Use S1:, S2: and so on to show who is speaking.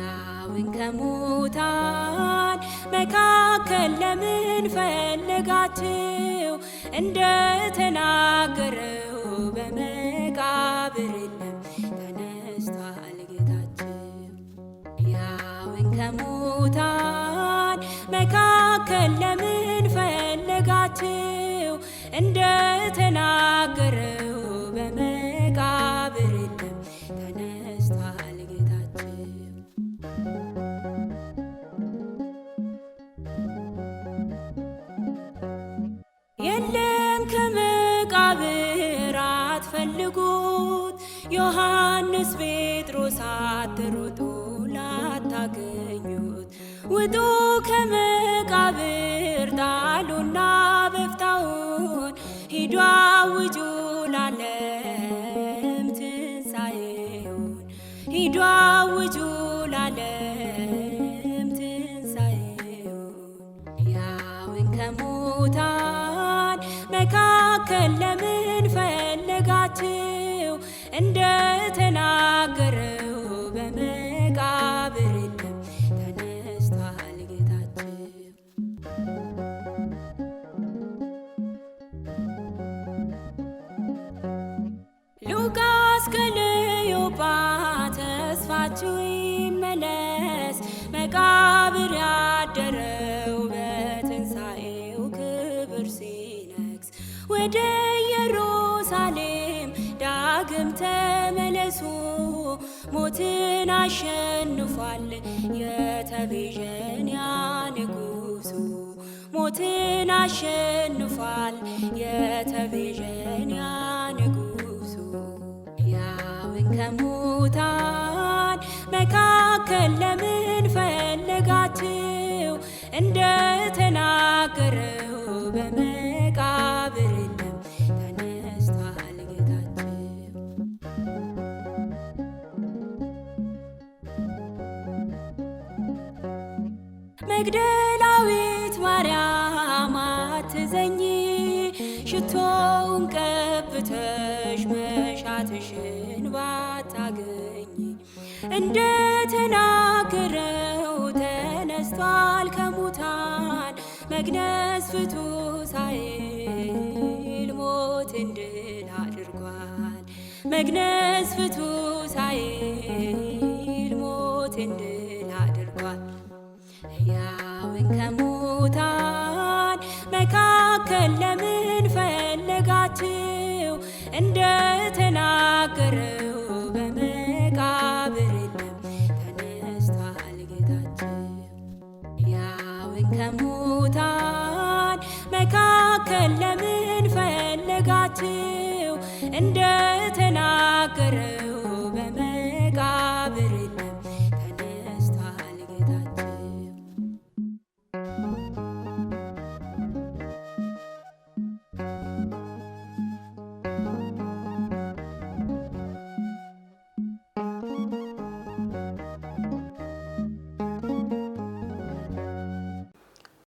S1: ሕያውን ከሙታን መካከል ለምን ፈለጋችሁ? እንደ ተናገረው በመቃብር የለም ተነስቷል ጌታችን። ሕያውን ከሙታን መካከል ለምን ፈለጋችሁ? እንደ የለም ከመቃብር አትፈልጉት ዮሐንስ ጴጥሮስ አትሩጡ ላታገኙት ውጡ ከመቃብር ጣሉና በፍታውን ሂዱ አውጁ ላለም ትንሣኤውን ሂዱ አውጁ ላለም ትንሣኤውን ያውን ከሙታ መካከል ለምን ፈለጋችሁ? እንደተናገረው በመቃብር የለም ተነስቷል ጌታችሁ። ሉቃስ ከለዮጳ ተስፋችሁ ይመለስ መቃብር ዳግም ተመለሱ፣ ሞትን አሸንፏል የተቤዠን ያ ንጉሱ ሞትን አሸንፏል የተቤዠን መግደላዊት ማርያም አትዘኝ፣ ሽቶውን ቀብተሽ መሻትሽን ባታገኝ፣ እንደ ተነስቷል ከሙታን መግነዝ ፍቱ ሳይል ሞትን ድል አድርጓል። መግነዝ ፍቱ ሳይል ሞትን እንደተናገረው ተናገረው በመቃብር የለም ተነስቷል ጌታችን። ያውን ከሙታን መካከል ለምን ፈለጋችሁ እንደ